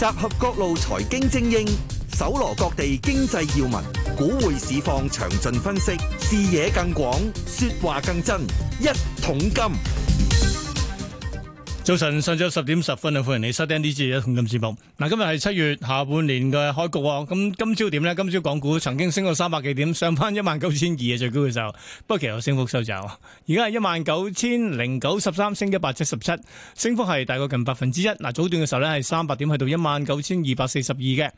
集合各路財經精英，搜羅各地經濟要聞，股匯市況詳盡分析，視野更廣，説話更真，一桶金。早晨，上晝十點十分啊，歡迎你收聽呢期《一桶金節目》。嗱，今日係七月下半年嘅開局啊。咁今朝點呢？今朝港股曾經升過三百幾點，上翻一萬九千二嘅最高嘅時候。不過其實升幅收窄，而家係一萬九千零九十三，升一百七十七，升幅係大概近百分之一。嗱，早段嘅時候呢，係三百點，去到一萬九千二百四十二嘅。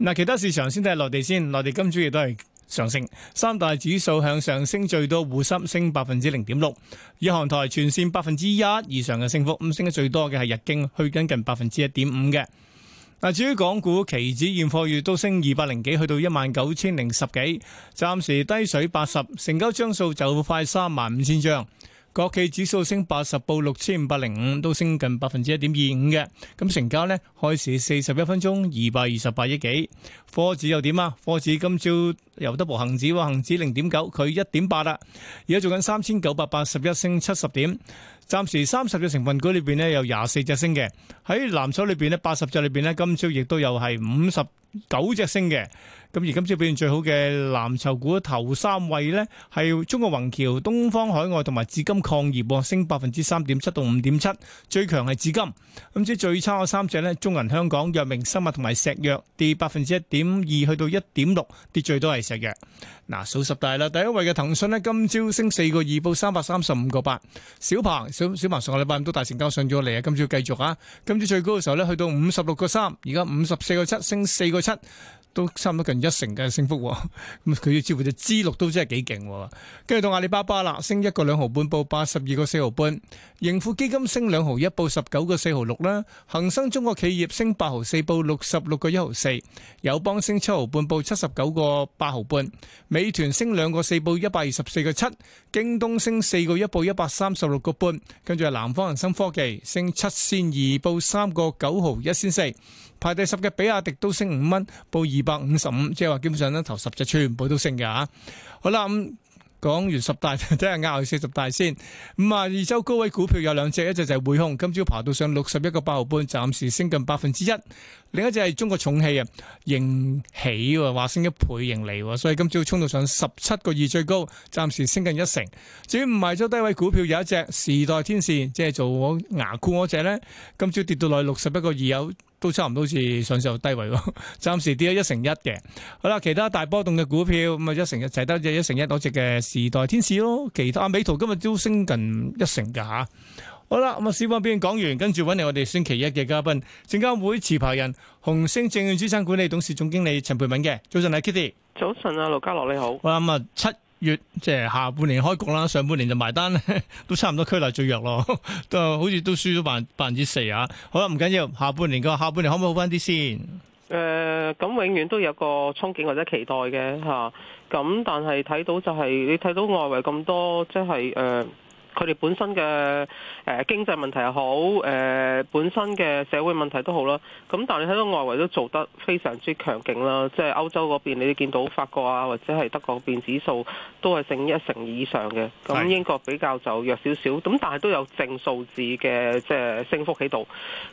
嗱，其他市場先睇內地先，內地今朝亦都係。上升，三大指數向上升最多，滬深升百分之零點六，以港台全線百分之一以上嘅升幅，五升得最多嘅係日經，去緊近百分之一點五嘅。嗱，至於港股期指現貨月都升二百零幾，去到一萬九千零十幾，暫時低水八十，成交張數就快三萬五千張。國企指數升八十，報六千五百零五，都升近百分之一點二五嘅。咁成交呢，開市四十一分鐘二百二十八億幾。科指又點啊？科指今朝由得部恒指喎，恒指零點九，佢一點八啦。而家做緊三千九百八十一升七十點，暫時三十隻成分股裏邊呢，有廿四隻升嘅。喺藍籌裏邊呢，八十隻裏邊呢，今朝亦都有係五十九隻升嘅。咁而今朝表現最好嘅藍籌股頭三位咧，係中國宏橋、東方海外同埋紫金礦業，升百分之三點七到五點七，最強係紫金。咁即係最差嘅三隻咧，中銀香港、藥明生物同埋石藥，跌百分之一點二去到一點六，跌最多係石藥。嗱，數十大啦，第一位嘅騰訊咧，今朝升四個二報三百三十五個八。小鵬，小小鵬上個禮拜都大成交，上咗嚟，今朝要繼續啊！今朝最高嘅時候咧，去到五十六個三，而家五十四個七，升四個七。都差唔多近一成嘅升幅，咁佢要支佢嘅支六都真係幾勁。跟住到阿里巴巴啦，升一個兩毫半，報八十二個四毫半；盈富基金升兩毫一，報十九個四毫六啦。恒生中國企業升八毫四，報六十六個一毫四；友邦升七毫半，報七十九個八毫半；美團升兩個四，報一百二十四個七；京東升四個一，報一百三十六個半。跟住係南方恒生科技升七仙二，報三個九毫一仙四。排第十嘅比亞迪都升五蚊，報二百五十五，即係話基本上咧，頭十隻全部都升嘅，吓、啊。好啦，咁、嗯、講完十大，真下拗，去四十大先。咁啊，五十二周高位股票有兩隻，一隻就係匯控，今朝爬到上六十一個八毫半，暫時升近百分之一。另一隻係中國重汽啊，盈喜喎，話升一倍盈利，所以今朝衝到上十七個二最高，暫時升近一成。至於五十二周低位股票有一隻時代天使，即係做我牙箍嗰隻咧，今朝跌到落去六十一個二有，都差唔多好似上次低位咯，暫時跌咗一成一嘅。好啦，其他大波動嘅股票咁啊一成一，就係得一成一嗰隻嘅時代天使咯。其他、啊、美圖今日都升近一成噶吓、啊。好啦，咁啊，市況先講完，跟住揾嚟我哋星期一嘅嘉賓，證監會持牌人、紅星證券資產管理董事總經理陳佩敏嘅。早晨啊，Kitty。早晨啊，盧家樂你好。我諗啊七。月即係、就是、下半年開局啦，上半年就埋單咧， 都差唔多區內最弱咯， 都好似都輸咗百百分之四啊！好啦、啊，唔緊要，下半年個下半年可唔可以好翻啲先？誒、呃，咁永遠都有個憧憬或者期待嘅吓，咁、啊、但係睇到就係、是、你睇到外圍咁多，即係誒。呃佢哋本身嘅誒、呃、經濟問題又好，誒、呃、本身嘅社會問題都好啦。咁但係你睇到外圍都做得非常之強勁啦，即係歐洲嗰邊，你都見到法國啊或者係德國嗰邊指數都係正一成以上嘅。咁的英國比較就弱少少，咁但係都有正數字嘅，即係升幅喺度。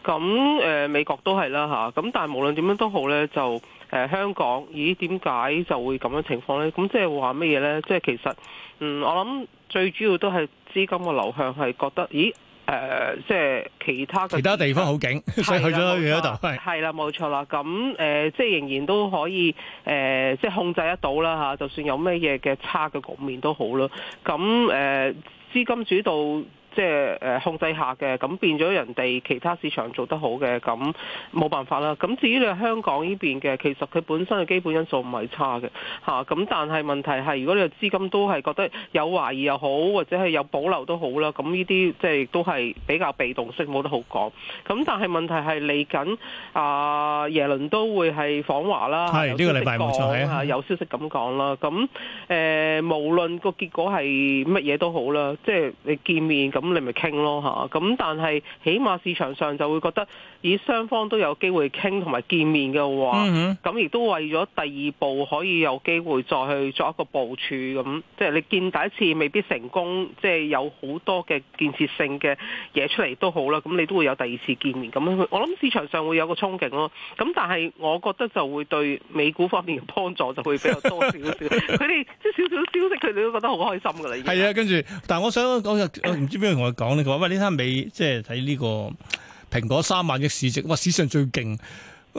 咁誒、呃、美國都係啦嚇。咁、啊、但係無論點樣都好呢，就誒、呃、香港，咦點解就會咁樣情況呢？咁即係話乜嘢呢？即係其實，嗯，我諗。最主要都係資金嘅流向係覺得，咦？誒、呃，即係其他其他地方好勁，所以去咗佢嗰度。係啦，冇錯，錯啦。咁誒、呃，即係仍然都可以誒、呃，即係控制得到啦嚇、啊。就算有咩嘢嘅差嘅局面都好啦。咁誒、呃，資金主導。即係誒控制下嘅，咁變咗人哋其他市場做得好嘅，咁冇辦法啦。咁至於你香港呢邊嘅，其實佢本身嘅基本因素唔係差嘅，嚇、啊。咁但係問題係，如果你資金都係覺得有懷疑又好，或者係有保留好，啊、是都好啦，咁呢啲即係都係比較被動式，冇得好講。咁、啊、但係問題係嚟緊啊，耶倫都會係訪華啦，係呢、啊啊、個禮拜冇錯係有消息咁講啦。咁誒，無論個結果係乜嘢都好啦，啊、即係你見面咁。咁你咪傾咯吓，咁但係起碼市場上就會覺得，以雙方都有機會傾同埋見面嘅話，咁亦都為咗第二步可以有機會再去作一個部署咁，即係你見第一次未必成功，即係有好多嘅建設性嘅嘢出嚟都好啦，咁你都會有第二次見面咁樣，我諗市場上會有個憧憬咯，咁但係我覺得就會對美股方面嘅幫助就會比較多少少。佢哋即少少消息。你都覺得好開心㗎啦，已經係啊！跟住，但係我想講，唔知邊個同我講咧？佢話：喂，呢單美即係睇呢個蘋果三萬億市值，哇！史上最勁，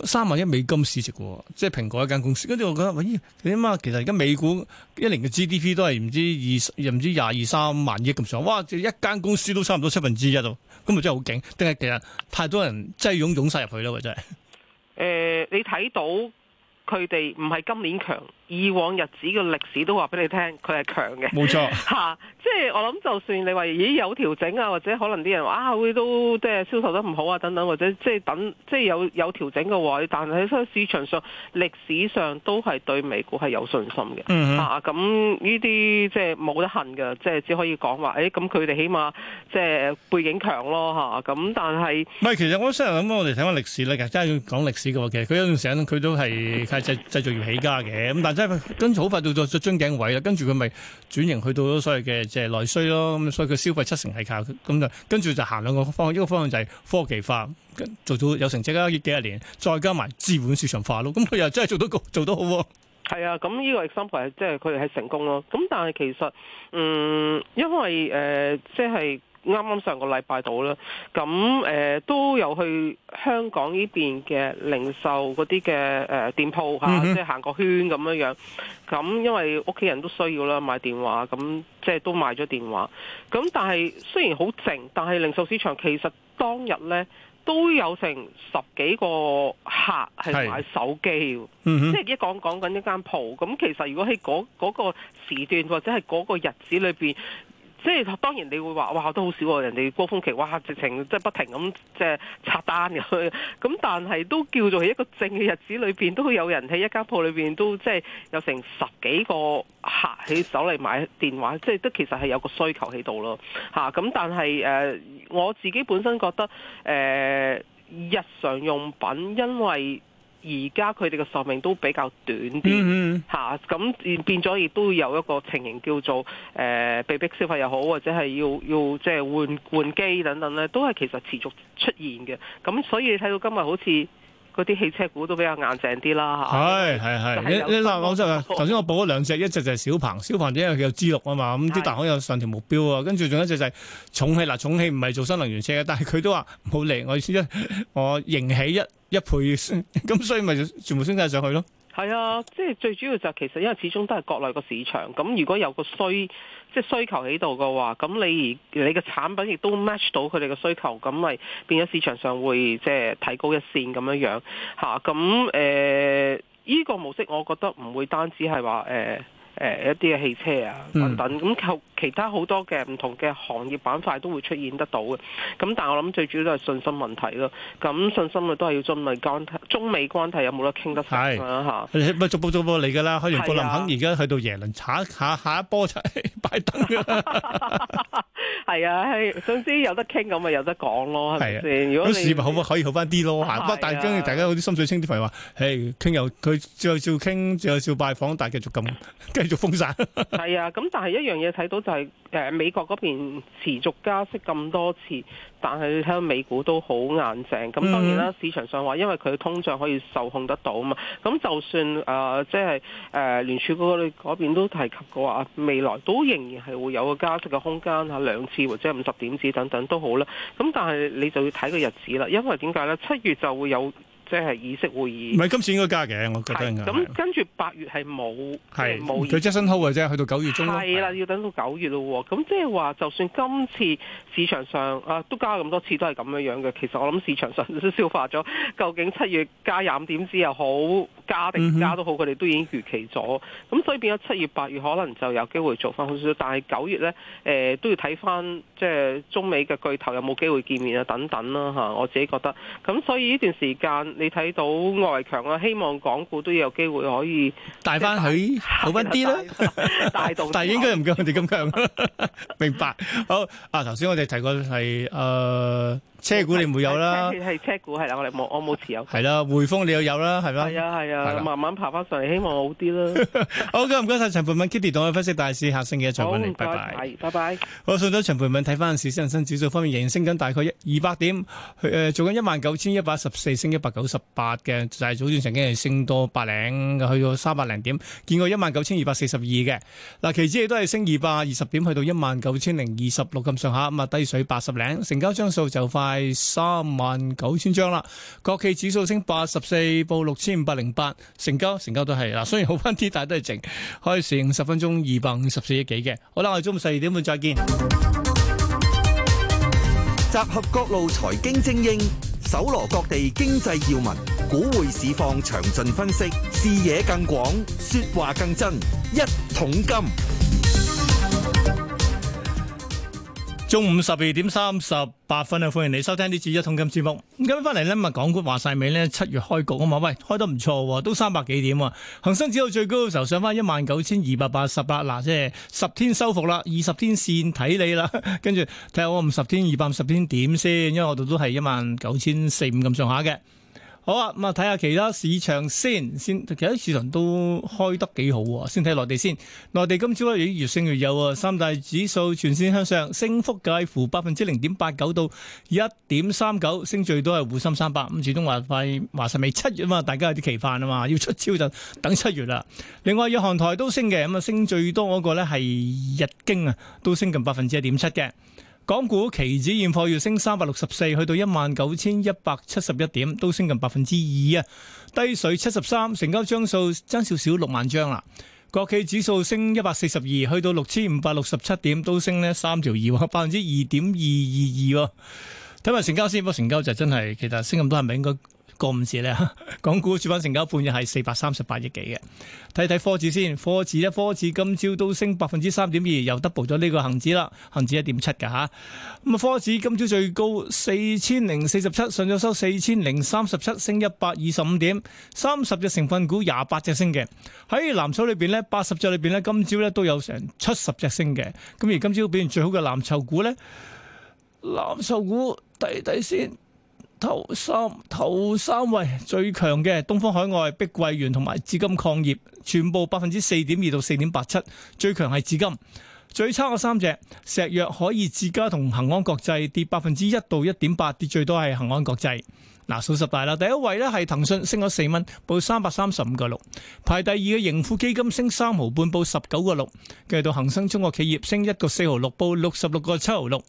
三萬億美金市值喎，即係蘋果一間公司。跟住我覺得，咦、哎，你啲媽其實而家美股一年嘅 GDP 都係唔知二唔知廿二三萬億咁上下，哇！一間公司都差唔多七分之一度。咁咪真係好勁？定係其實太多人擠擁湧晒入去咧，咪真係？誒，你睇到佢哋唔係今年強。以往日子嘅歷史都話俾你聽，佢係強嘅，冇錯嚇、啊。即係我諗，就算你話咦有調整啊，或者可能啲人話啊會都即係銷售得唔好啊等等，或者即係等即係有有調整嘅話，但係喺市場上歷史上都係對美股係有信心嘅。嗯哼、啊，咁呢啲即係冇得恨嘅，即係只可以講話誒。咁佢哋起碼即係背景強咯嚇。咁、啊、但係唔係？其實我成日諗，我哋睇翻歷史咧，真係要講歷史嘅話。其實佢有陣時佢都係係製製造業起家嘅，咁，但即係跟住好快到咗樽頸位啦，跟住佢咪轉型去到咗所謂嘅即係內需咯，咁所以佢消費七成係靠咁，就跟住就行兩個方向，一個方向就係科技化，做到有成績啦，幾十年，再加埋資本市場化咯，咁佢又真係做到做到好喎。係啊，咁呢個 example 即係佢哋係成功咯。咁但係其實嗯，因為誒即係。呃就是啱啱上個禮拜到啦，咁誒、呃、都有去香港呢邊嘅零售嗰啲嘅誒店鋪嚇、啊，即係行個圈咁樣樣。咁因為屋企人都需要啦，買電話咁即係都買咗電話。咁但係雖然好靜，但係零售市場其實當日呢都有成十幾個客係買手機，是嗯、哼即係一講講緊一間鋪。咁其實如果喺嗰嗰個時段或者係嗰個日子裏邊。即係當然，你會話哇都好少人，人哋高峰期哇直情即係不停咁即係刷單入去。咁但係都叫做係一個靜嘅日子裏邊都有人喺一家鋪裏邊都即係有成十幾個客起手嚟買電話，即係都其實係有個需求喺度咯，嚇、啊、咁但係誒、呃、我自己本身覺得誒、呃、日常用品因為。而家佢哋嘅壽命都比較短啲，吓咁、mm hmm. 啊、變咗，亦都有一個情形叫做誒、呃、被逼消費又好，或者係要要即係換換機等等咧，都係其實持續出現嘅。咁所以你睇到今日好似。嗰啲汽車股都比較硬淨啲啦，嚇！係係係，你你嗱，講真啊頭先我報咗兩隻，一隻就係小鵬，小鵬因為佢有 G6 啊嘛，咁啲大行有上條目標啊，跟住仲有一隻就係重汽，嗱重汽唔係做新能源車嘅，但係佢都話冇嚟。我意思一我盈起一一倍，咁 所以咪就全部升晒上去咯。係啊，即係最主要就係其實因為始終都係國內個市場，咁如果有個需即係需求喺度嘅話，咁你而你嘅產品亦都 match 到佢哋嘅需求，咁咪變咗市場上會即係提高一線咁樣樣嚇。咁誒依個模式，我覺得唔會單止係話誒。呃誒一啲嘅汽車啊，等等咁，其其他好多嘅唔同嘅行業板塊都會出現得到嘅。咁但係我諗最主要都係信心問題咯。咁、嗯、信心啊，都係要中美關，中美關係有冇得傾得晒？啊？嚇！咪逐步逐步嚟㗎啦。海綿布林肯而家去到耶倫查下下一波出拜登。係啊，係、啊。總之、啊啊、有得傾咁咪有得講咯，係咪先？吧如果市民可唔可以好翻啲咯？不過、啊、但係跟大家嗰啲心水清啲朋友話，誒傾又佢最後照傾，最後照拜訪，但係繼續咁。 繼續封晒，係 啊，咁但係一樣嘢睇到就係、是，誒、呃，美國嗰邊持續加息咁多次，但係你睇到美股都好硬淨，咁當然啦，嗯、市場上話因為佢嘅通脹可以受控得到啊嘛，咁就算誒，即係誒，聯、就、儲、是呃、局嗰邊都提及過話，未來都仍然係會有個加息嘅空間吓，兩次或者五十點子等等都好啦，咁但係你就要睇個日子啦，因為點解呢？七月就會有。即係議息會議，唔係今次應該加嘅，我覺得。咁跟住八月係冇，係冇是。佢 justin 湯嘅啫，去到九月中咯。係啦的，要等到九月咯、哦。咁即係話，就算今次市場上啊，都加咁多次都係咁樣樣嘅。其實我諗市場上消化咗。究竟七月加廿五點子又好，加定唔加都好，佢哋都已經預期咗。咁、嗯、哼所以變咗七月八月可能就有機會做翻好少少，但係九月咧，誒、呃、都要睇翻，即係中美嘅巨頭有冇機會見面啊，等等啦、啊、嚇。我自己覺得。咁所以呢段時間。你睇到外強啊，希望港股都有機會可以帶翻佢好翻啲啦。帶 但係應該唔夠我哋咁強， 明白？好啊，頭先我哋提過係誒。呃車股你唔會有啦，係車股係啦，我哋冇我冇持有。係啦，匯豐你又有啦，係嘛？係啊係啊，慢慢爬翻上嚟，希望好啲啦。好嘅，唔該晒陳培敏，Kitty 同我分析大市下星期一再搵你，拜拜，拜拜。好，送咗陳培敏睇翻市，恒生指數方面，仍然升緊大概二百點，誒，做緊一萬九千一百十四，升一百九十八嘅，就係早段曾經係升多百零，去到三百零點，見過一萬九千二百四十二嘅。嗱，期指亦都係升二百二十點，去到一萬九千零二十六咁上下，咁啊，低水八十零，成交張數就快。係三萬九千張啦，國企指數升八十四，報六千五百零八，成交成交都係啦，雖然好翻啲，但係都係靜，開成十分鐘二百五十四億幾嘅。好啦，我哋中午十二點半再見。集合各路財經精英，搜羅各地經濟要聞，股匯市況詳盡分析，視野更廣，說話更真，一桶金。中午十二點三十八分啊，歡迎你收聽《呢次一桶金節目》。咁今日翻嚟咧，咪港股話晒尾呢，七月開局啊嘛，喂，開得唔錯，都三百幾點啊。恒生指數最高嘅時候上翻一萬九千二百八十八，嗱，即係十天收復啦，二 十天線睇你啦，跟住睇下我五十天二百五十天點先，因為我度都係一萬九千四五咁上下嘅。好啊，咁啊睇下其他市場先，先其他市場都開得幾好喎，啊。先睇內地先，內地今朝咧越升越有啊，三大指數全線向上，升幅介乎百分之零點八九到一點三九，升最多係滬深三百。咁始終話費話實未七月啊嘛，大家有啲期盼啊嘛，要出招就等七月啦。另外，日韓台都升嘅，咁啊升最多嗰個咧係日經啊，都升近百分之一點七嘅。港股期指現貨月升三百六十四，去到一萬九千一百七十一點，都升近百分之二啊。低水七十三，成交張數增少少六萬張啦。國企指數升一百四十二，去到六千五百六十七點，都升呢三條二喎，或者百分之二點二二二。睇埋成交先，不過成交就真係，其實升咁多係咪應該？個五字咧，港股主板成交半日係四百三十八億幾嘅，睇睇科指先。科指一科指今朝都升百分之三點二，又 double 咗呢個恒指啦，恒指一點七㗎吓。咁啊，科指今朝最高四千零四十七，上咗收四千零三十七，升一百二十五點，三十隻成分股廿八隻升嘅。喺藍籌裏邊呢，八十隻裏邊呢，今朝咧都有成七十隻升嘅。咁而今朝表現最好嘅藍籌股呢？藍籌股睇睇先。看頭三頭三位最強嘅東方海外、碧桂園同埋紫金礦業，全部百分之四點二到四點八七。最強係紫金，最差嘅三隻石藥、可以自家同恒安國際跌百分之一到一點八，跌最多係恒安國際。嗱，數十大啦，第一位呢係騰訊，升咗四蚊，報三百三十五個六。排第二嘅盈富基金升三毫半，報十九個六。繼續到恒生中國企業升一個四毫六，報六十六個七毫六。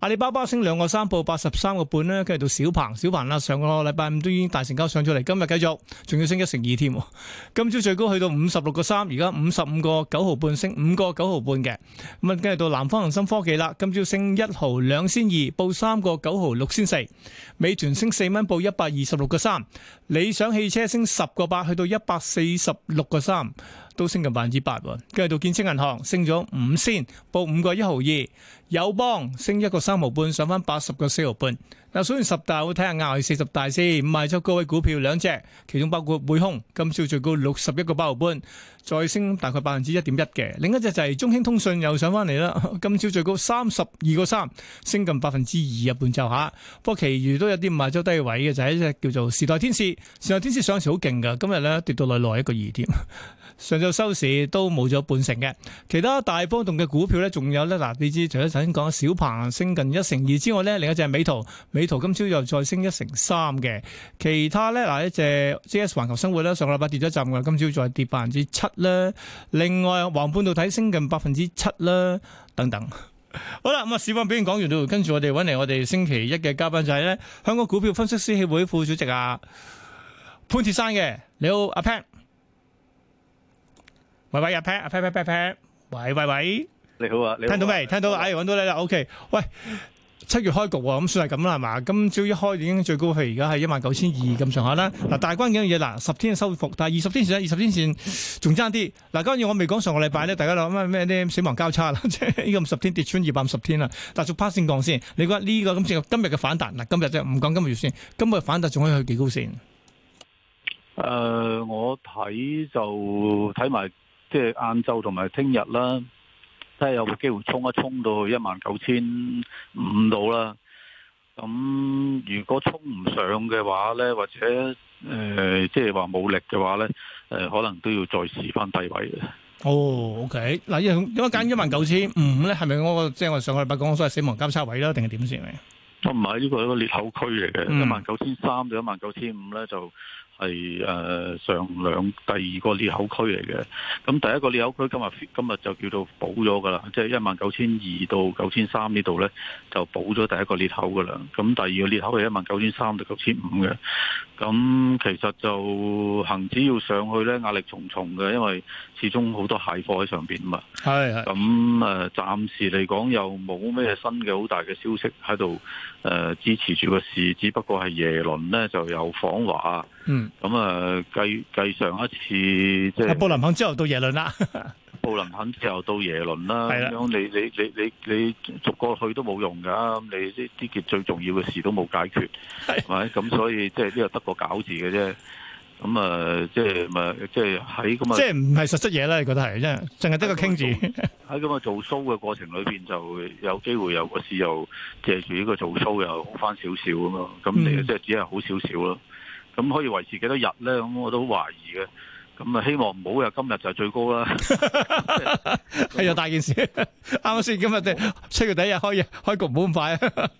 阿里巴巴升兩個三，報八十三個半呢。繼續到小鵬，小鵬啦，上個禮拜五都已經大成交上咗嚟，今日繼續仲要升一成二添。今朝最高去到五十六個三，而家五十五個九毫半，升五個九毫半嘅。咁啊，繼續到南方恒生科技啦，今朝升一毫兩仙二，報三個九毫六仙四。美團升四蚊，報。到一百二十六個三，3, 理想汽車升十個八，去到一百四十六個三，都升近百分之八。跟住到建設銀行升咗五仙，報五個一毫二，友邦升一個三毫半，上返八十個四毫半。嗱，所以十大我睇下亞係四十大先，賣咗高位股票兩隻，其中包括匯控。今朝最高六十一個八毫半，再升大概百分之一點一嘅。另一隻就係中興通訊又上翻嚟啦，今朝最高三十二個三，升近百分之二啊半就吓。不過其餘都有啲賣咗低位嘅，就係、是、一隻叫做時代天使。時代天使上市好勁噶，今日咧跌到內內一個二點。 上晝收市都冇咗半成嘅，其他大波動嘅股票咧，仲有咧嗱，你知，除咗頭先講小鵬升近一成二之外咧，另一隻美圖，美圖今朝又再升一成三嘅，其他咧嗱，一隻、就係、J S 環球生活咧，上個禮拜跌咗一陣㗎，今朝再跌百分之七啦。另外黃半導體升近百分之七啦。等等。 好啦，咁啊，市況表現講完到，跟住我哋揾嚟我哋星期一嘅嘉賓就係咧，香港股票分析師協會副主席阿、啊、潘鐵山嘅，你好，阿 Pan。喂喂阿 pat 阿 pat pat pat 喂喂喂、啊，你好啊，你聽到未？聽到，啊、哎，搵到你啦，OK。喂，七月開局喎，咁算係咁啦，係嘛？今朝一開已經最高係而家係一萬九千二咁上下啦。嗱、啊，大關，係關鍵嘅嘢嗱，十天嘅收復，但係二十天前，二十天前仲爭啲。嗱，今、啊、次我未講上個禮拜咧，大家諗咩咩死亡交叉啦，即係呢個五十天跌穿二百五十天啦。但係做 passing 降先，你覺得呢個咁今日今日嘅反彈嗱、啊，今日啫，唔講今個月先，今日反彈仲可以去幾高先？誒、呃，我睇就睇埋。即係晏晝同埋聽日啦，睇下，有冇機會沖一沖到一萬九千五度啦。咁、嗯、如果沖唔上嘅話咧，或者誒、呃，即係話冇力嘅話咧，誒、呃，可能都要再試翻低位嘅。哦、oh,，OK，嗱，一樣點解揀一萬九千五咧？係咪我即係我上個禮拜講所謂死亡交叉位啦，定係點先嚟？我唔係呢個係個裂口區嚟嘅，一萬九千三到一萬九千五咧就。係誒、呃、上兩第二個裂口區嚟嘅，咁、嗯、第一個裂口區今日今日就叫做補咗噶啦，即係一萬九千二到九千三呢度呢，就補咗第一個裂口噶啦。咁、嗯、第二個裂口係一萬九千三到九千五嘅。咁、嗯、其實就行指要上去呢，壓力重重嘅，因為始終好多蟹貨喺上邊嘛。係係咁誒，暫、嗯呃、時嚟講又冇咩新嘅好大嘅消息喺度誒支持住個市，只不過係耶倫呢就有訪華。嗯，咁啊，繼繼上一次即係布林肯之後到耶倫啦，布林肯之後到耶倫啦，咁樣你你你你你逐個去都冇用噶，咁你呢呢件最重要嘅事都冇解決，係咪？咁所以即係呢個得個搞字嘅啫，咁啊，即係咪？即係喺咁啊，即係唔係實質嘢啦，你覺得係，即係淨係得個傾字？喺咁啊做 show 嘅過程裏邊就有機會，有個事又借住呢個做 show 又好返少少咁嘛，咁你即係只係好少少咯。咁可以維持幾多日咧？咁我都懷疑嘅。咁啊，希望唔好又今日就係最高啦。又大件事，啱先今日七月底日開開局唔好咁快啊。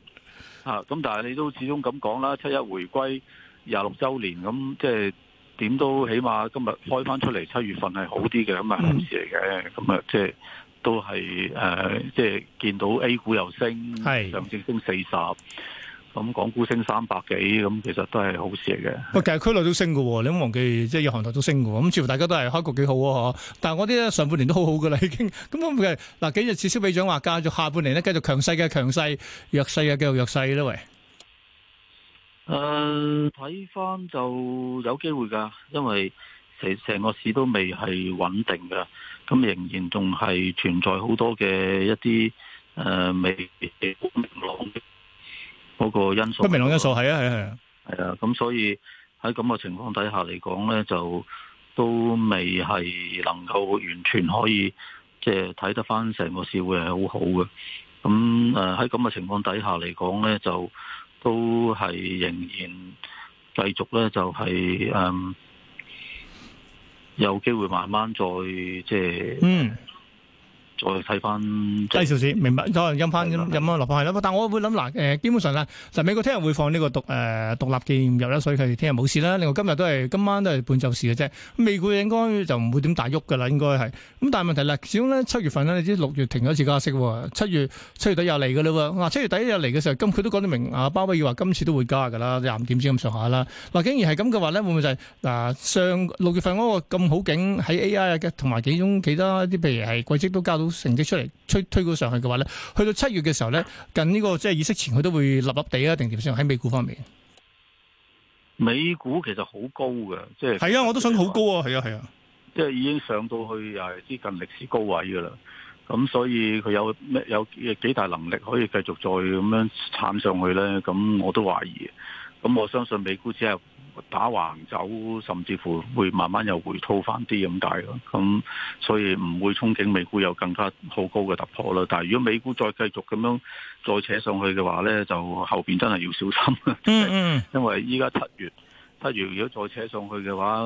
啊，咁但係你都始終咁講啦，七一回歸廿六週年，咁即係點都起碼今日開翻出嚟，七月份係好啲嘅，咁啊好事嚟嘅。咁啊，即係都係誒，即係見到 A 股又升，上證升四十。咁港股升三百幾，咁其實都係好事嚟嘅。喂，其實區內都升嘅，你唔好忘記，即係各行各業都升嘅。咁似乎大家都係開局幾好啊，吓。但係我啲上半年都好好噶啦，已經。咁我哋嗱，幾日取消比漲話價，就下半年咧，繼續強勢嘅強勢，弱勢嘅繼續弱勢咯，喂、呃。誒，睇翻就有機會噶，因為成成個市都未係穩定嘅，咁仍然仲係存在好多嘅一啲誒、呃、未明朗。嗰個因素，不明朗因素係啊，係啊，係啊，咁、啊啊嗯、所以喺咁嘅情況底下嚟講呢，就都未係能夠完全可以即係睇得翻成個市會係好好嘅。咁誒喺咁嘅情況底下嚟講呢，就都係仍然繼續呢，就係、是、誒、嗯、有機會慢慢再即係。就是嗯再睇翻低少少，明白，再陰翻陰翻落去係啦。但我會諗嗱，誒基本上咧，其實美國聽日會放呢個獨誒獨立紀念日啦，所以佢哋聽日冇事啦。另外今日都係今晚都係半就市嘅啫。美股應該就唔會點大喐㗎啦，應該係。咁但係問題咧，始終咧七月份呢，你知六月停咗一次加息喎，七月七月底又嚟㗎啦喎。嗱、啊、七月底又嚟嘅時候，咁佢都講得明啊，鮑威爾話今次都會加㗎啦，廿五點先咁上下啦。嗱、啊，竟然係咁嘅話咧，會唔會就係、是、嗱上，上六月份嗰個咁好景喺 AI 同埋幾種其他啲譬如係季績都加到。成績出嚟推推高上去嘅話咧，去到七月嘅時候咧，近呢、這個即係議息前，佢都會立立地啊，定點算喺美股方面。美股其實好高嘅，即係係啊，我都想好高啊，係啊係啊，即係已經上到去又係接近歷史高位噶啦。咁所以佢有咩有幾大能力可以繼續再咁樣鏟上去咧？咁我都懷疑。咁我相信美股之後。打橫走，甚至乎會慢慢又回吐翻啲咁大咯。咁所以唔會憧憬美股有更加好高嘅突破啦。但係如果美股再繼續咁樣再扯上去嘅話咧，就後邊真係要小心。嗯嗯。因為依家七月，七月如果再扯上去嘅話，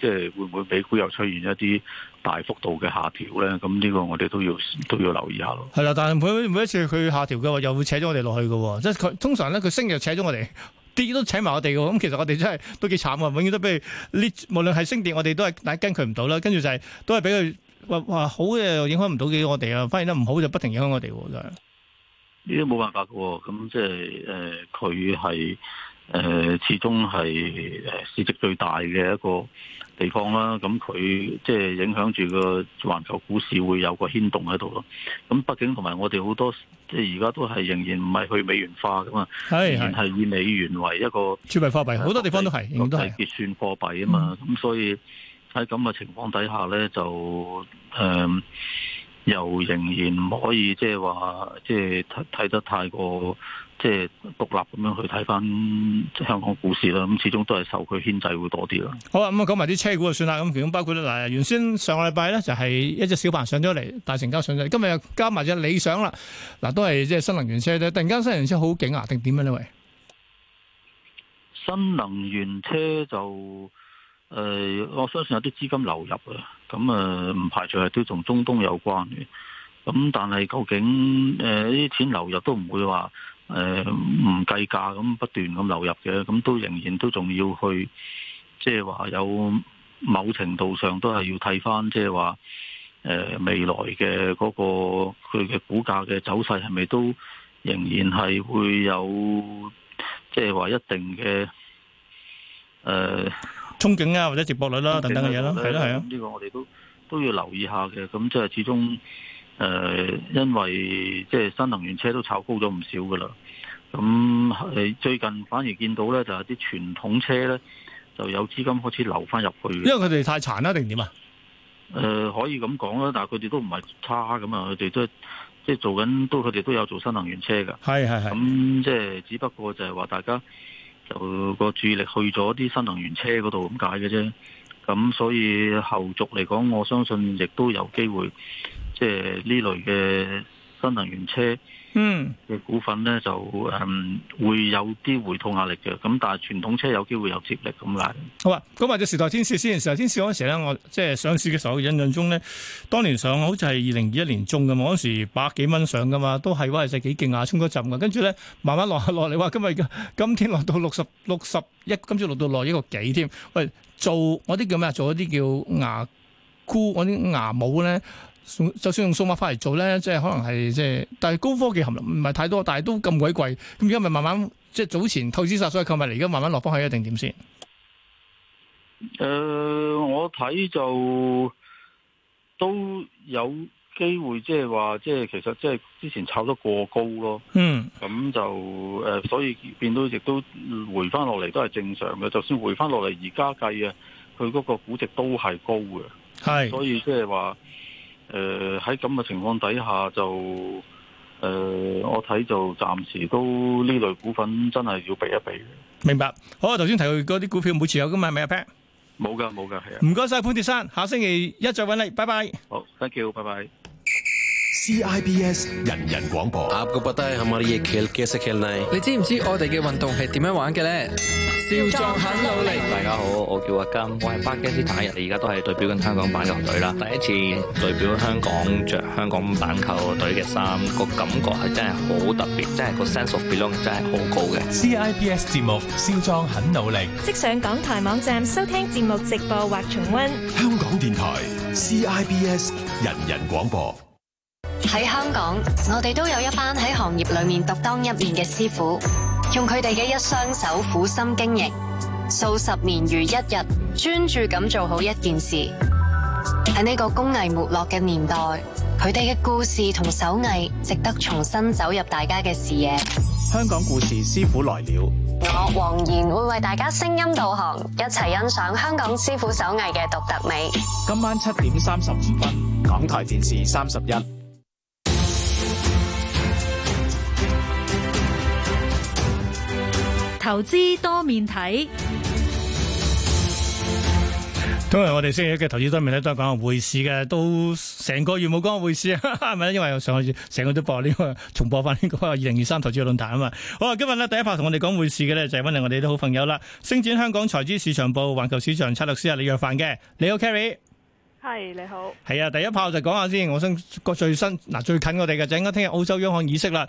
即係會唔會美股又出現一啲大幅度嘅下調咧？咁呢個我哋都要都要留意下咯。係啦，但係每每一次佢下調嘅話，又會扯咗我哋落去㗎喎。即係佢通常咧，佢升又扯咗我哋。跌都請埋我哋嘅，咁其實我哋真係都幾慘嘅，永遠都俾無論係升跌，我哋都係跟佢唔到啦。跟住就係、係、都係俾佢話話好嘅影響唔到幾我哋啊，反而得唔好就不停影響我哋，真係。呢啲冇辦法嘅，咁即係誒，佢、呃、係。誒，始終係誒市值最大嘅一個地方啦，咁佢即係影響住個環球股市會有個牽動喺度咯。咁畢竟同埋我哋好多即係而家都係仍然唔係去美元化噶嘛，仍然係以美元為一個儲備是、呃、貨幣，好多地方都係國際結算貨幣啊嘛。咁、嗯嗯、所以喺咁嘅情況底下咧，就誒。嗯又仍然唔可以即係話，即係睇得太過，即係獨立咁樣去睇翻香港股市啦。咁始終都係受佢牽制會多啲啦。好啊，咁啊講埋啲車股就算啦。咁其中包括咧，嗱、呃，原先上個禮拜咧就係一隻小鵬上咗嚟，大成交上咗嚟，今日又加埋隻理想啦，嗱、呃，都係即係新能源車咧。突然間新能源車好勁啊？定點樣啊？呢喂，新能源車就誒、呃，我相信有啲資金流入啊。咁誒唔排除係都同中東有關嘅，咁、嗯、但係究竟呢啲、呃、錢流入都唔會話誒唔計價咁不斷咁流入嘅。咁都仍然都仲要去即係話有某程度上都係要睇翻即係話誒，未來嘅嗰、嗰個佢嘅股價嘅走勢係咪都仍然係會有即係話一定嘅誒。呃憧憬啊，或者接播率啦，等等嘅嘢啦，係咯，係啊，呢個我哋都都要留意下嘅。咁即係始終，誒、呃，因為即係新能源車都炒高咗唔少噶啦。咁、嗯、係最近反而見到咧，就有、是、啲傳統車咧就有資金開始流翻入去。因為佢哋太殘啦，定點啊？誒、呃，可以咁講啦，但係佢哋都唔係差咁啊，佢哋都係即係做緊，都佢哋都有做新能源車噶。係係係。咁即係只不過就係話大家。就個注意力去咗啲新能源車嗰度，咁解嘅啫，咁所以後續嚟講，我相信亦都有機會，即係呢類嘅新能源車。嗯，嘅股份咧就誒、嗯、會有啲回吐壓力嘅，咁但係傳統車有機會有接力咁解。好啊，咁或者時代天使先，時代天使嗰陣時咧，我即係上市嘅時候，我，候我印象中咧，當年上好似係二零二一年中噶嘛，嗰陣時百幾蚊上噶嘛，都係話係實幾勁下衝咗一陣嘅，跟住咧慢慢落落嚟，話今日今天落到六十六十一，今朝落到落一個幾添？喂，做我啲叫咩啊？做一啲叫牙箍，我啲牙帽咧。就算用數碼翻嚟做咧，即係可能係即係，但係高科技含量唔係太多，但係都咁鬼貴。咁而家咪慢慢即係早前投資煞碎購物嚟，而家慢慢落翻去一定點先？誒、呃，我睇就都有機會，即係話，即係其實即係之前炒得過高咯。嗯，咁就誒、呃，所以變到亦都回翻落嚟都係正常嘅。就算回翻落嚟而家計啊，佢嗰個估值都係高嘅。係是，所以即係話。誒，喺咁嘅情況底下就，就、呃、誒，我睇就暫時都呢類股份真係要避一避。明白。好啊，頭先提嗰啲股票冇持有噶嘛？係咪啊，Pat？冇噶，冇噶，係啊。唔該晒潘鐵山，下星期一再揾你，拜拜。好，thank you，拜拜。CIBS 人人廣播。你知唔知我哋嘅運動係點樣玩嘅咧？少壯很努力。大家好，我叫阿金，我係巴基斯坦人，而家都係代表緊香港板球隊啦。第一次代表香港着香港板球隊嘅衫，個感覺係真係好特別，真係個 sense of belong 真係好高嘅。CIBS 節目少壯很努力。即上港台網站收聽節目直播或重溫。香港電台 CIBS 人人廣播。喺香港，我哋都有一班喺行業裏面獨當一面嘅師傅，用佢哋嘅一雙手苦心經營，數十年如一日，專注咁做好一件事。喺呢個工藝沒落嘅年代，佢哋嘅故事同手藝值得重新走入大家嘅視野。香港故事，師傅來了。我黃然會為大家聲音導航，一齊欣賞香港師傅手藝嘅獨特美。今晚七點三十五分，港台電視三十一。投資多面睇，今日我哋星期一嘅投資多面咧都係講下匯市嘅，都成個月冇講過匯市啊，係 咪因為上個月成個月都播呢個重播翻呢個二零二三投資論壇啊嘛。好啊，今日呢，第一炮同我哋講匯市嘅咧就係溫良，我哋啲好朋友啦，星展香港財資市場部環球市場策略師李若凡嘅，你好 Carrie，係你好，係啊，第一炮就講下先講講，我想個最新嗱最近我哋嘅就應該聽日澳洲央行議息啦。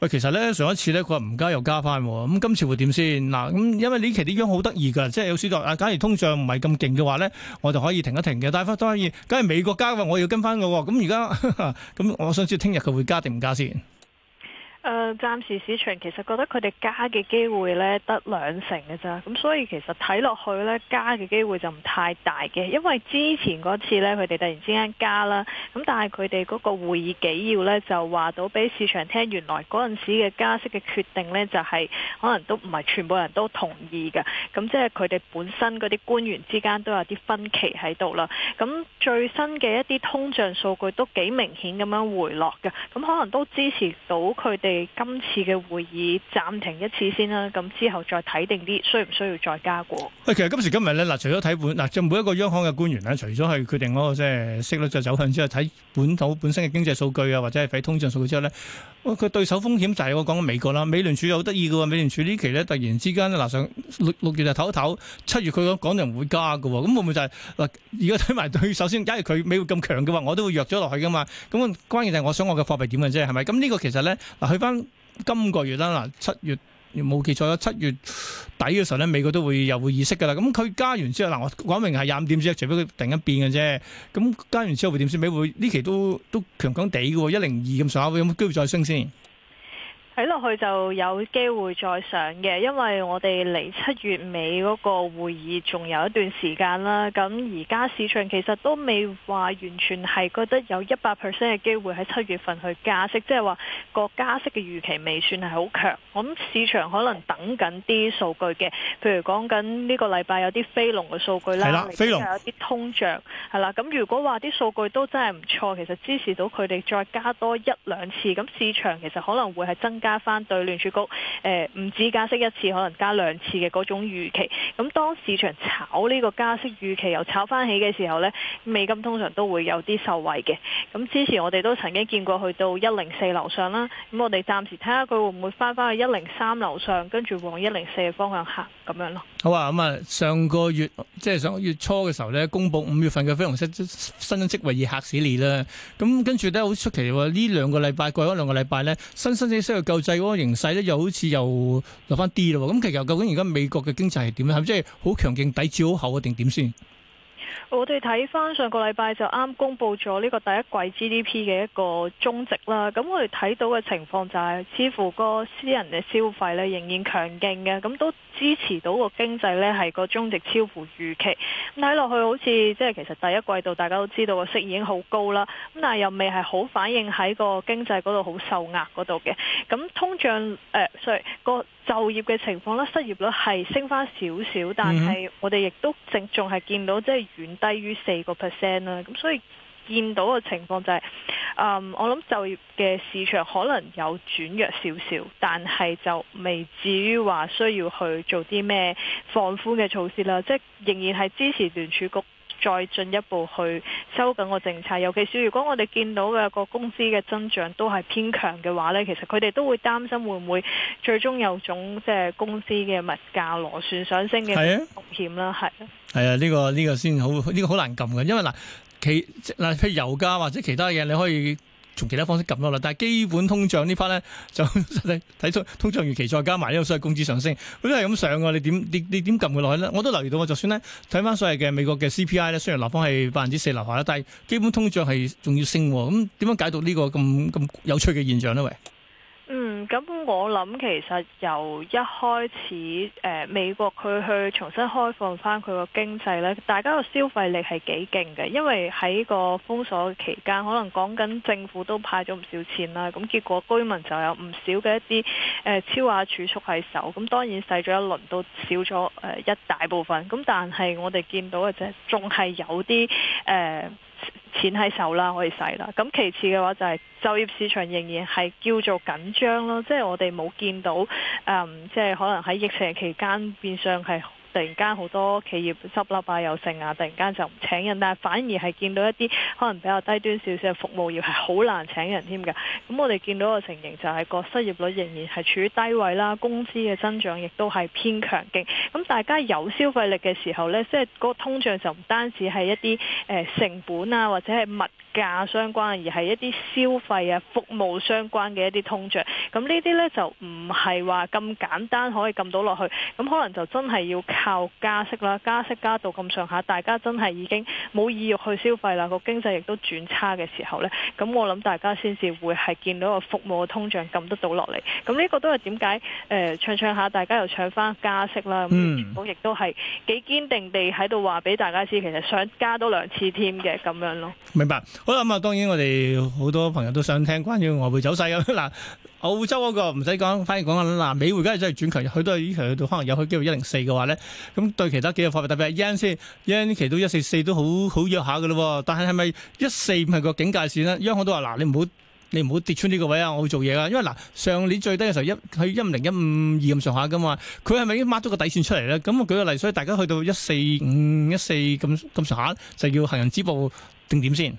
喂，其實咧上一次咧佢話唔加又加翻喎，咁今次會點先？嗱，咁因為呢期啲樣好得意㗎，即係有輸在啊。假如通脹唔係咁勁嘅話咧，我就可以停一停嘅。但係當然，可以，梗係美國加㗎，我要跟翻㗎。咁而家咁， 我想知聽日佢會加定唔加先？誒，暫時市場其實覺得佢哋加嘅機會咧得兩成嘅咋，咁所以其實睇落去呢，加嘅機會就唔太大嘅，因為之前嗰次呢，佢哋突然之間加啦，咁但係佢哋嗰個會議紀要呢，就話到俾市場聽，原來嗰陣時嘅加息嘅決定呢，就係可能都唔係全部人都同意嘅，咁即係佢哋本身嗰啲官員之間都有啲分歧喺度啦。咁最新嘅一啲通脹數據都幾明顯咁樣回落嘅，咁可能都支持到佢哋。今次嘅會議暫停一次先啦，咁之後再睇定啲，需唔需要再加過？喂，其實今時今日咧，嗱，除咗睇本，嗱，即每一個央行嘅官員咧，除咗係決定嗰個即係息率就走向之外，睇本土本身嘅經濟數據啊，或者係睇通脹數據之後咧，佢對手風險就係我講緊美國啦，美聯儲又好得意嘅喎，美聯儲呢期咧，突然之間嗱，上六六月就唞一唞，七月佢講講定會加嘅喎，咁會唔會就係嗱？而家睇埋對手先，假如佢美匯咁強嘅話，我都會弱咗落去嘅嘛。咁關鍵就係我想我嘅貨幣點嘅啫，係咪？咁呢個其實咧嗱，翻今個月啦嗱，七月冇記錯啦，七月底嗰時咧，美國都會又會議息噶啦。咁佢加完之後嗱，我講明係廿五點先，除非佢突然間變嘅啫。咁加完之後會點先？美匯呢期都都強強地嘅？一零二咁上下會有冇機會再升先？睇落去就有機會再上嘅，因為我哋嚟七月尾嗰個會議仲有一段時間啦。咁而家市場其實都未話完全係覺得有一百 percent 嘅機會喺七月份去加息，即係話個加息嘅預期未算係好強。咁市場可能等緊啲數據嘅，譬如講緊呢個禮拜有啲非農嘅數據啦，的有啲通脹係啦。咁龍如果話啲數據都真係唔錯，其實支持到佢哋再加多一兩次，咁市場其實可能會係增加。加翻對聯儲局，誒、呃、唔止加息一次，可能加兩次嘅嗰種預期。咁當市場炒呢個加息預期又炒翻起嘅時候呢，美金通常都會有啲受惠嘅。咁之前我哋都曾經見過去到一零四樓上啦。咁我哋暫時睇下佢會唔會翻翻去一零三樓上，跟住往一零四嘅方向行咁樣咯。好啊，咁啊，上個月即係、就是、上個月初嘅時候呢，公佈五月份嘅非農薪薪職位已嚇死你啦。咁跟住呢，好出奇喎，呢兩個禮拜過咗兩個禮拜呢，新薪息，收救濟嗰個形勢咧，又好似又落翻啲咯喎。咁其實究竟而家美國嘅經濟係點咧？係咪即係好強勁，底子好厚啊，定點先？我哋睇翻上個禮拜就啱公布咗呢個第一季 GDP 嘅一個終值啦，咁我哋睇到嘅情況就係、是，似乎個私人嘅消費呢仍然強勁嘅，咁都支持到個經濟呢係個終值超乎預期。咁睇落去好似即係其實第一季度大家都知道個息已經好高啦，咁但係又未係好反映喺個經濟嗰度好受壓嗰度嘅，咁通脹誒，sorry 個。就業嘅情況咧，失業率係升翻少少，但係我哋亦都正仲係見到即係遠低於四個 percent 啦。咁所以見到嘅情況就係，嗯，我諗就業嘅市場可能有轉弱少少，但係就未至於話需要去做啲咩放寬嘅措施啦。即係仍然係支持聯儲局。再進一步去收緊個政策，尤其是如果我哋見到嘅個工資嘅增長都係偏強嘅話呢，其實佢哋都會擔心會唔會最終有種即係工資嘅物價螺旋上升嘅風險啦。係。係啊，呢個呢個先好，呢、這個好難撳嘅，因為嗱，其嗱譬如油價或者其他嘢，你可以。從其他方式撳落啦，但係基本通脹呢 part 咧就睇出 通，通脹預期再加埋呢個所謂工資上升，佢都係咁上㗎，你點你你點撳佢落去咧？我都留意到啊，就算咧睇翻所謂嘅美國嘅 CPI 咧，雖然樓方係百分之四樓下啦，但係基本通脹係仲要升，咁點樣解讀呢個咁咁有趣嘅現象咧？喂？咁我諗其實由一開始，誒、呃、美國佢去重新開放翻佢個經濟呢，大家個消費力係幾勁嘅，因為喺個封鎖期間，可能講緊政府都派咗唔少錢啦，咁結果居民就有唔少嘅一啲誒、呃、超額儲蓄喺手，咁當然使咗一輪都少咗誒、呃、一大部分，咁但係我哋見到嘅啫，仲係有啲誒，錢喺手啦，可以使啦。咁其次嘅話就係、是、就業市場仍然係叫做緊張咯，即係我哋冇見到誒、嗯，即係可能喺疫情期間變相係。突然間好多企業執笠啊，又剩啊！突然間就唔請人，但係反而係見到一啲可能比較低端少少嘅服務業係好難請人添㗎。咁我哋見到個情形就係個失業率仍然係處於低位啦，工資嘅增長亦都係偏強勁。咁大家有消費力嘅時候呢，即係嗰個通脹就唔單止係一啲誒成本啊，或者係物價相關，而係一啲消費啊服務相關嘅一啲通脹，咁呢啲呢，就唔係話咁簡單可以撳到落去，咁可能就真係要靠加息啦，加息加到咁上下、呃、下，大家真係已經冇意欲去消費啦，個經濟亦都轉差嘅時候呢，咁我諗大家先至會係見到個服務通脹撳得到落嚟。咁呢個都係點解誒唱唱下大家又唱翻，加息啦，我亦、嗯嗯、都係幾堅定地喺度話俾大家知，其實想加多兩次添嘅咁樣咯。明白。好啦，咁、嗯、啊，當然我哋好多朋友都想聽關於外匯走勢啊。嗱，澳洲嗰個唔使講，反而講緊嗱，美匯今日真係轉強，好多依期去到可能有去機會一零四嘅話咧。咁對其他幾個貨幣，特別係 yen 先，yen 期到一四四都好好弱下嘅咯。但係係咪一四五係個警戒線咧？央行都話：嗱，你唔好你唔好跌穿呢個位啊！我會做嘢啊，因為嗱上年最低嘅時候一係一五零一五二咁上下嘅嘛。佢係咪已經挖咗個底線出嚟咧？咁我舉個例，所以大家去到一四五一四咁咁上下就叫行人止步定點先。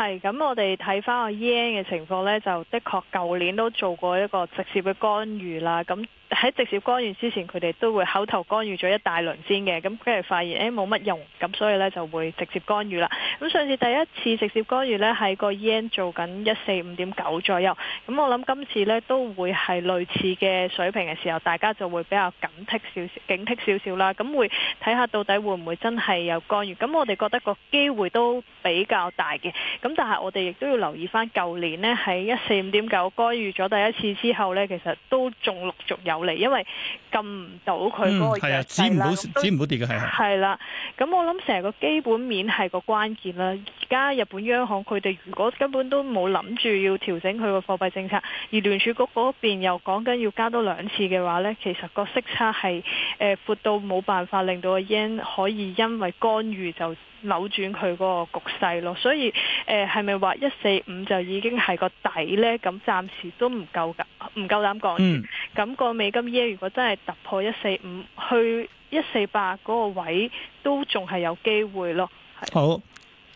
係咁，我哋睇翻阿 Yen 嘅情況呢，就的確舊年都做過一個直接嘅干預啦。咁。喺直接干預之前，佢哋都會口頭干預咗一大輪先嘅，咁跟住發現誒冇乜用，咁所以咧就會直接干預啦。咁上次第一次直接干預咧喺個 yen 做緊一四五點九左右，咁我諗今次咧都會係類似嘅水平嘅時候，大家就會比較警惕少少，警惕少少啦。咁會睇下到底會唔會真係有干預，咁我哋覺得個機會都比較大嘅。咁但係我哋亦都要留意翻舊年咧喺一四五點九干預咗第一次之後咧，其實都仲陸續有。嚟，因為撳唔到佢嗰個趨勢啦，指唔到指唔到跌嘅係。係啦，咁我諗成個基本面係個關鍵啦。而家日本央行佢哋如果根本都冇諗住要調整佢個貨幣政策，而聯儲局嗰邊又講緊要加多兩次嘅話呢，其實個息差係誒闊到冇辦法令到啊 yen 可以因為干預就扭轉佢嗰個局勢咯。所以誒，係咪話一四五就已經係個底呢？咁暫時都唔夠唔夠膽講。咁個美金耶，如果真係突破一四五，去一四八嗰個位都仲係有機會咯。好，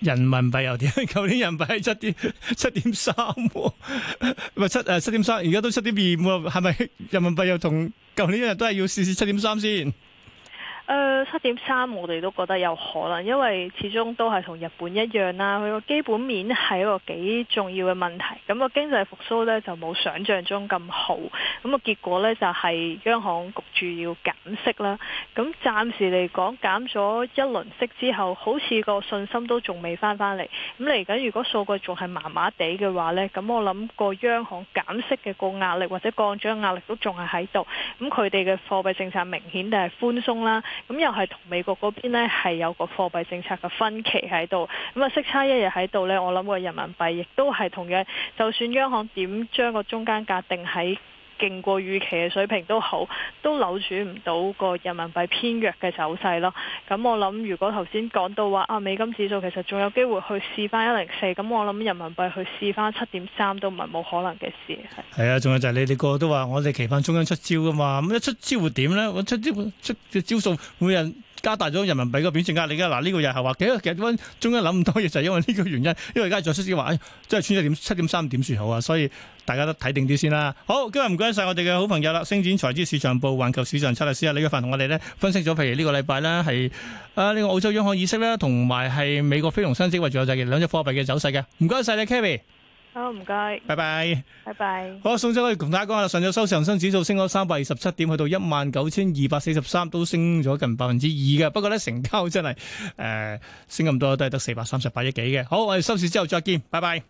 人民幣又點？舊 年人民幣七點七點三，唔係七誒七點三，而 家都七點二喎。係咪人民幣又同舊年一樣都係要試試七點三先？誒，七點三我哋都覺得有可能，因為始終都係同日本一樣啦。佢個基本面係一個幾重要嘅問題。咁個經濟復蘇呢，就冇想象中咁好。咁啊結果呢，就係央行焗住要減息啦。咁暫時嚟講減咗一輪息之後，好似個信心都仲未翻返嚟。咁嚟緊如果數據仲係麻麻地嘅話呢，咁我諗個央行減息嘅個壓力或者降準嘅壓力都仲係喺度。咁佢哋嘅貨幣政策明顯係寬鬆啦。咁又係同美國嗰邊呢，係有個貨幣政策嘅分歧喺度，咁、嗯、啊，息差一日喺度呢，我諗個人民幣亦都係同樣，就算央行點將個中間價定喺，勁過預期嘅水平都好，都扭轉唔到個人民幣偏弱嘅走勢咯。咁、嗯、我諗，如果頭先講到話啊，美金指數其實仲有機會去試翻一零四，咁我諗人民幣去試翻七點三都唔係冇可能嘅事。係係啊，仲有就係你哋個個都話，我哋期盼中央出招噶嘛，咁一出招會點呢？我出，出招出嘅招數，每人。加大咗人民幣嘅貶值壓力嘅，嗱，呢個又係話，其實點解中間諗咁多嘢就係因為呢個原因，因為而家再出先話，唉、哎，真係穿咗點七點三點算好啊，所以大家都睇定啲先啦。好，今日唔該晒我哋嘅好朋友啦，星展財資市場部環球市場策略師李若凡同我哋咧分析咗，譬如呢個禮拜啦，係啊呢個澳洲央行議息啦，同埋係美國非農新息或者有就係兩隻貨幣嘅走勢嘅。唔該晒你 Kerry。好，唔該，拜拜，拜拜，好，宋生我哋同大家講下。上晝收市恒生指數升咗三百二十七點，去到一萬九千二百四十三，都升咗近百分之二嘅。不過咧，成交真係誒、呃、升咁多，都係得四百三十八億幾嘅。好，我哋收市之後再見，拜拜。